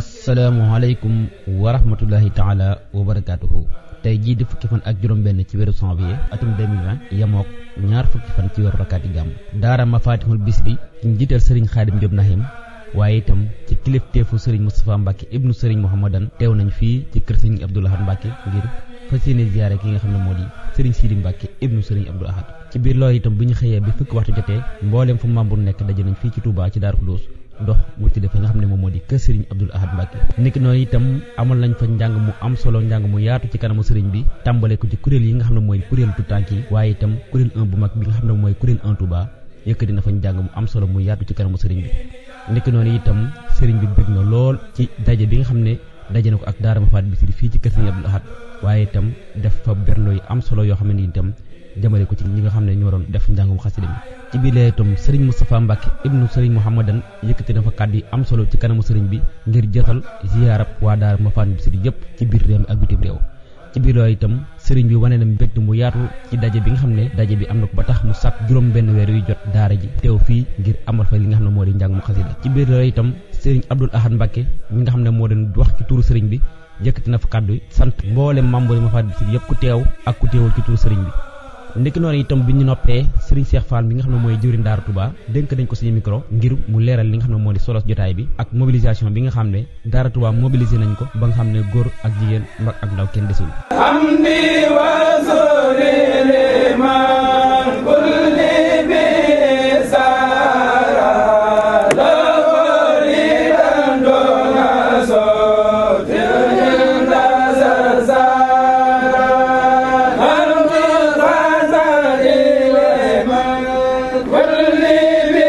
asalaamualeykum wa rahmatullahi taala wa barakaatuhu tey jii di fukki fan ak juróom-benn ci weeru janvier atum 2020 yemook ñaar fukki fan ci weeru rakkaati gàmm daara Mafatihul Bichri ci jiital sëriñ xaadim Jóob Nahim waaye itam ci kilifteefu sëriñ Moustapha Mbacke ibnu sëriñ Mouhamadan teew nañ fii ci kër sëriñ Abdoulahat Mbacke ngir fas yéene ziyaare ki nga xam ne moo di sëriñ Sidi Mbacke ibnu sëriñ Abdou Ahad ci biir loolu itam bu ñu xëyee bi fukki waxtu jotee mbooleem fu membre nekk daje nañ fii ci Touba ci Daaru Xudoos dox wuti dafa nga xam ne moom moo di kër sëriñ Abdul Ahad Mbacke nekk noonu itam amal nañ fa njàng mu am solo njàng mu yaatu ci kanamu sëriñ bi tàmbale ko ci kuréel yi nga xam ne mooy kuréel tu waaye itam kuréel 1 bu mag bi nga xam ne mooy kuréel daje na ko ak daara Mafaat Bichri fii ci kër Sëriñ Abdul Ahad waaye itam def fa berlo am solo yoo xam ne itam ko ci ñi nga xam ne ñoo doon def njàngum xasida mi ci biir lee itam sëriñ Moustapha Mbacke ibnu sëriñ Mouhamadan yëkkati na fa kàddu yi am solo ci kanamu bi ngir jëtal ziyaarab waa daara Mafaat Bichri yëpp ci biir réew mi ak bitim réew ci biir loolu itam sëriñ bi wane na mbégte mu yaatu ci daje bi nga xam ne daje bi am na ko ba tax mu sàkk juróom benn weer yu jot daara ji teew fii ngir amal fa li nga xam ne moo di njàngum xasida ci biir loolu tam sëriñ Abdul Ahad Mbacke mi nga xam ne moo doon wax ci turu sëriñ bi yëkkati na fa kàddu sant mboolem membre yi ma fàttali yëpp ku teew ak ku teewul ci turu sëriñ bi. ndekki noonu itam bi ñu noppee sëriñ Cheikh Fall mi nga xam ne mooy jëwriñ daara Touba dénk nañ ko suñu micro ngir mu leeral li nga xam ne moo di solos jotaay bi ak mobilisation bi nga xam ne Daaru Touba mobilisé nañ ko ba nga xam ne góor ak jigéen mag ak ndaw kenn desul. والذي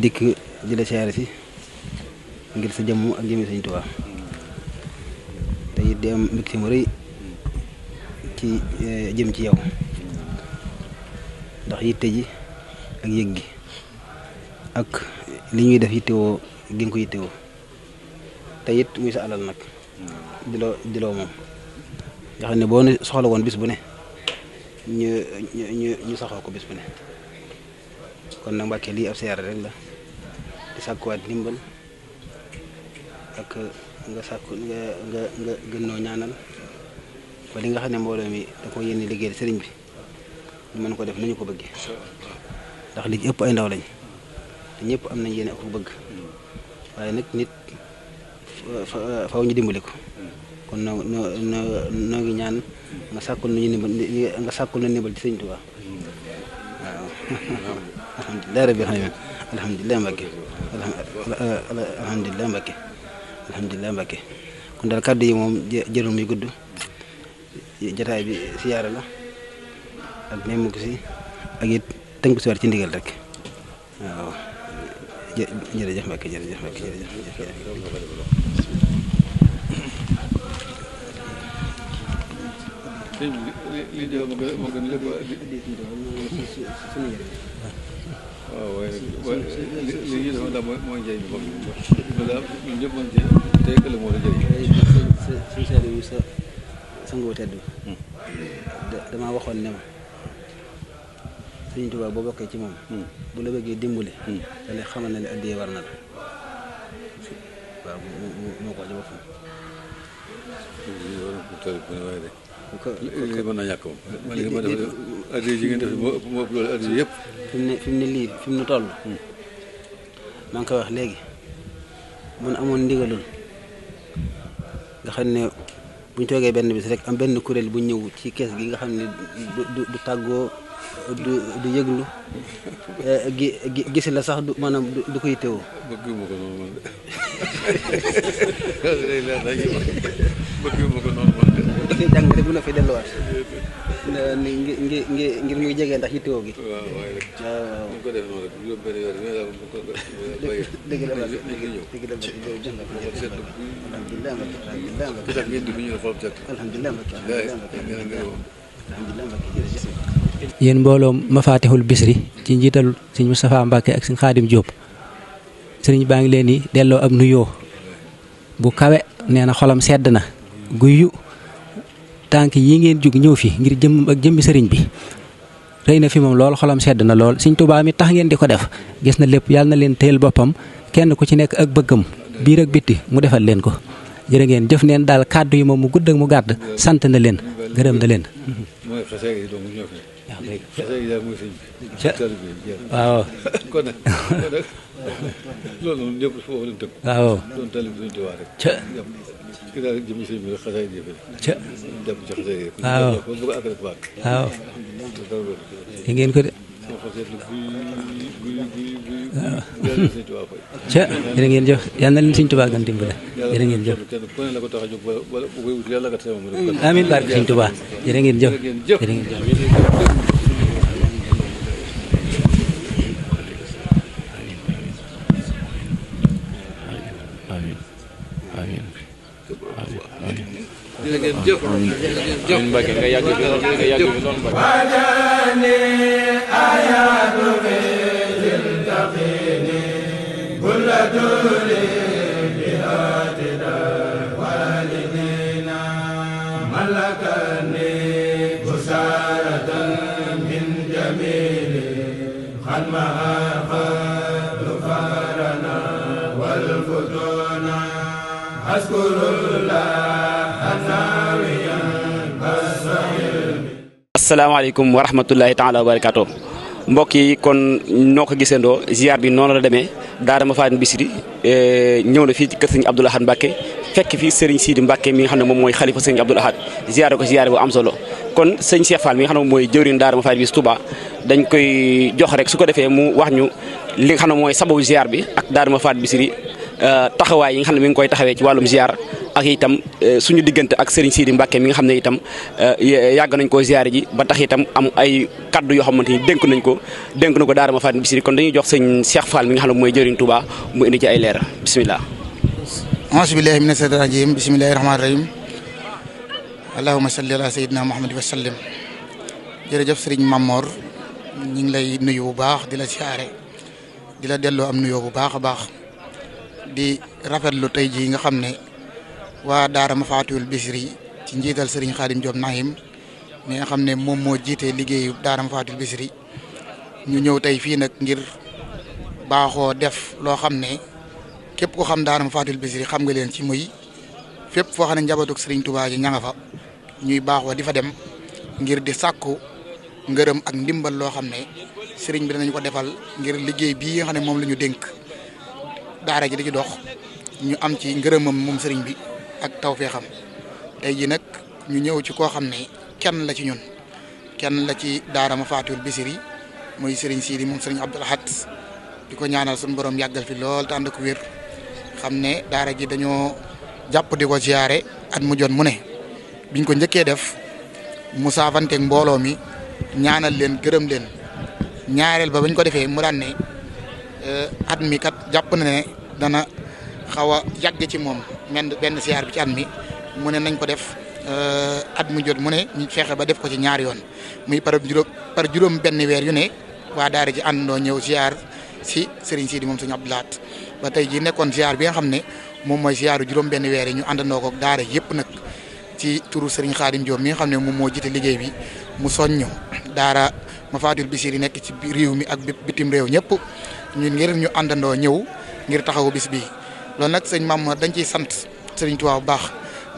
dikk di la siyaare si ngir sa jëmm ak jëmmi Sëñ Tuubaa te it di am mbégte mu rëy ci eh, jëm ci yow ndax yitte ji ak yëg gi ak li ñuy def yittewoo gi nga ko yittewoo te it muy sa alal nag di diloo di loo moom nga ne boo ne soxla woon bis bu ne ñu ñu ñu saxoo ko bis bu ne kon nag Mbàkke lii ab siyaare rek la sàkkuwaat ndimbal ak nga sàkku nga nga nga noo ñaanal ba li nga xam ne mbooloo mi da ko yéene liggéeyal sëriñ bi ñu mën ko def nañu ko bëggee ndax li ëpp ay ndaw lañ te ñëpp am nañ yéene ak ko bëgg waaye nag nit faw ñu dimbali ko kon noo noo noo ngi ñaan nga sàkkul nañu ndimbal nga sàkkul na ndimbal ci sëriñ Tuubaa waaw alhamdulilah rabbil alamin alhamdulilah Mbacke alhamdulilah Mbacke alhamdulilah Mbacke kon daal yi moom jërul muy gudd jataay bi siyaara la ak nemmu ko si ak it tënku ci ndigal rek waaw jë jërëjëf Mbacke jërëjëf Mbacke waaw waaye li ñu defoon bi sa sangoo tedd hmm. damaa waxoon ne ma suñu tubaab boo bokkee ci moom. Hmm. bu la bëggee dimbali. Hmm. da lay xamal ne la addee war na la. waaw moo ko wax ci lii mën yëpp. ne fi ne lii fi hmm. maa ngi koy wax léegi man amoon ndigalul nga xam ne bu ñu toogee benn bis rek am benn kuréel bu ñëw ci kees gi nga xam ne du tàggoo du du yëglu eh, gi gis la sax du maanaam du koy teewoo. fi mbooloo Mafatihul Bisri ci njiital sëñ Moustapha Mbacke ak sëñ Xaadim Diop sëriñ baa ngi leen di delloo ab nuyoo bu kawe nee xolam sedd na guyu tànk yi ngeen jug ñëw fi ngir jëm ak jëmmi sëriñ bi rëy na fi moom lool xolam sedd na lool Sëriñ Tuubaa mi tax ngeen di ko def gis na lépp yàlla na leen téyel boppam kenn ku ci nekk ak bëggam biir ak bitti mu defal leen ko jërë ngeen jëf neen daal kàddu yi moom mu gudd ak mu gàdd sant na leen gërëm na leen. waaw. waaw. ci daal jëm sëñ bi xasaay di fi jàpp ci xasaay yi waaw bëgg àgg rek baax waaw da ngeen ko de ca jërë ngeen jëf yal na leen sëñ Tuubaa gën dimbale jërë ngeen jëf amiin barke sëñ Tuubaa jërë ngeen jëf jërë ngeen jëf jërëjëf amiin Mbacke nga yàgg fi lool nga yàgg fi lool Mbacke أذكر الله asalaamaaleykum wa rahmatullahi taala wa barakaatu mbokk yi kon noo ko gisandoo ziar bi noonu la demee Daara Mafaatihul Bichri eh, ñëw na fii ci kër sëñ Abdoul Ahad Mbacke fekk fii sëriñ Sidi mbakke mi nga xam ne moom mooy xalifa sëriñ Abdoul Ahad ziare ko ziare bu am solo kon sëñ Cheikh Fall mi nga mooy jëwriñ Daara Mafaatihul dañ koy jox rek su ko defee mu wax ñu li xam ne mooy sababu ziar bi ak Daara Mafaatihul Bichri eh, taxawaay yi nga xam ne mi ngi koy taxawee ci wàllum ziar. ak itam euh, suñu diggante ak Serigne Sidi Mbacke mi nga xam ne itam euh, yàgg nañ ko ziare ji ba tax itam am ay kaddu yoo xamante ni dénk nañ ko dénk na ko Daara ma Fatim Bichri kon dañuy jox sëñ Cheikh Fall mi xam ne mooy jëriñ Touba mu indi ci ay leer bisimilah. auzu billaahi mina shaytaani rajiim bismillaahi rahmaani rahiim allahumma salli ala sayyidina Muhammad wa sallim jërëjëf Serigne Mamor ñu ngi lay nuyu bu baax di la ziare di la delloo am nuyoo bu baax a baax di rafetlu tey jii nga xam ne. waa Daara Mafatihul Bichri ci njiital Serigne Khadim Diop Nahim mi nga xam ne moom moo jiite liggéeyu Daara Mafatihul bisiri ñu ñëw tey fii nag ngir baaxoo def loo xam ne képp ko xam Daara Mafatihul Bichri xam nga leen ci muy fépp foo xam ne njabootug Serigne Touba ji ña fa ñuy baaxoo di fa dem ngir di sàkku ngërëm ak ndimbal loo xam ne Serigne bi danañ ko defal ngir liggéey bii xam ne moom lañu ñu dénk daara ji di dox ñu am ci ngërëmam moom Serigne bi. ak taw feexam tey jii nag ñu ñëw ci koo xam ne kenn la ci ñun kenn la ci daara ma faatiwul bisiri muy Serigne Sidi moom Serigne Abdoul Ahad di ko ñaanal suñu boroom yàggal fi lool te ànd ak xam ne daara ji dañoo jàpp di ko ziyaare at mu jot mu ne biñ ko njëkkee def mu saafanteeg mbooloo mi ñaanal leen gërëm leen ñaareel ba bañ ko defee mu daan ne euh, at mi kat jàpp na ne dana xaw a yàgg ci moom menn benn siyaar bi ci at mi mu ne nañ ko def euh, at mu jot mu ne ñu fexe ba def ko ci ñaari yoon muy par juróom par juróom benn weer yu ne waa daare ji àndandoo ñëw siyaar si Serigne Sidi moom suñu Abdou laat ba tey ji nekkoon siyaar bi nga xam ne moom mooy siyaaru juróom benn weer yi ñu àndandoo ko daara yëpp nag ci turu Serigne Khadim Diop mi nga xam ne moom moo jiite liggéey bi mu soññu daara Mafatul Bichri nekk ci réew mi ak bitim réew ñëpp ñun ngir ñu àndandoo ñëw ngir taxaw bis bi loolu nag sëñ Maam dañ ciy sant sëriñ Tuubaa bu baax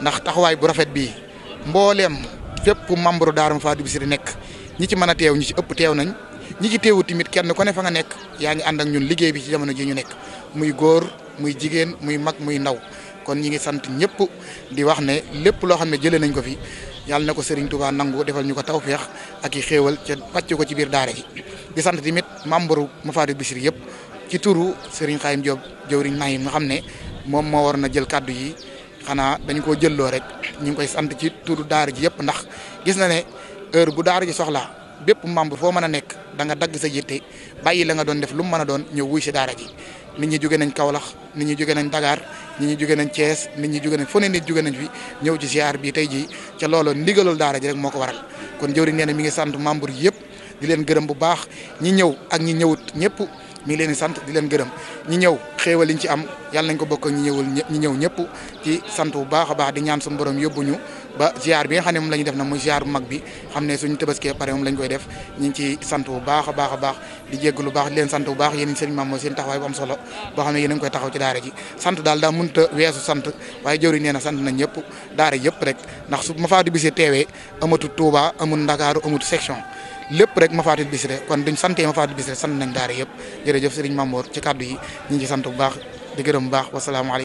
ndax taxawaay bu rafet bii mbooleem fépp membre Daaru Muxaddamatul Xidma di nekk ñi ci mën a teew ñi ci ëpp teew nañ ñi ci teewu tamit kenn ku ne fa nekk yaa ngi ànd ak ñun liggéey bi ci jamono ji ñu nekk muy góor muy jigéen muy mag muy ndaw kon ñi ngi sant ñëpp di wax ne lépp loo xam ne jëlee nañ ko fi yàlla na ko Serigne Touba nangu defal ñu ko taw tawféex ak i xéewal ca pàcc ko ci biir daare ji di sant tamit membre Muxaddamatul Xidma yëpp ci turu Serigne Xayim Diop jëwriñ Nahim nga xam ne moom moo war na jël kàddu yi xanaa dañ koo jëlloo rek ñu ngi koy sant ci turu daara ji yëpp ndax gis na ne heure bu daara ji soxlaa bépp membre foo mën a nekk danga dagg sa yitte bàyyi la nga doon def lu mu mën a doon ñëw wuy si daara ji nit ñi jóge nañ Kaolack nit ñi jóge nañ Dakar nit ñi jóge nañ Thiès nit ñi jóge nañ fu ne nit jóge nañ fi ñëw ci ziar bi tey jii ca loolu ndigalul daara ji rek moo ko waral kon jëwriñ nee na mi ngi sant membre yëpp di leen gërëm bu baax ñi ñëw ak ñi ñëwut ñëpp mi ngi leen sant di leen gërëm ñi ñëw xéewal liñ ci am yàlla nañ ko bokk ñi ñëwul ñi ñëw ñëpp ci sant wu baax a baax di ñaan suñu borom ñu ba ziar bi nga xam ne la ñu def na muy ziar bu mag bi xam ne suñu tëbaskee pare moom lañ koy def ñu ngi ci sant bu baax a baax a baax di jégg lu baax leen sant bu baax yéen sëriñ Maam seen taxawaay bu am solo boo xam ne yéen a koy taxaw ci daara ji sant daal daa ta weesu sant waaye jëwriñ nee na sant nañ ñëpp daara yëpp rek ndax su ma faa di bisee teewee amatu Touba amul Ndakaaru amatu section lépp rek Mafaatihul Bichri kon duñ santee Mafaatihul Bichri sant nañ daara yëpp jërëjëf Serigne Mamour ci kàddu yi ñu sant baax di gërëm bu baax wasalaamaaleykum